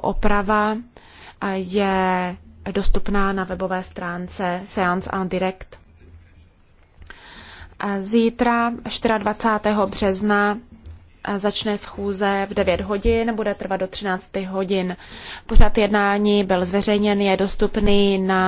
oprava je dostupná na webové stránce Seance en Direct. Zítra 24. března začne schůze v 9 hodin, bude trvat do 13 hodin. Pořad jednání byl zveřejněn, je dostupný na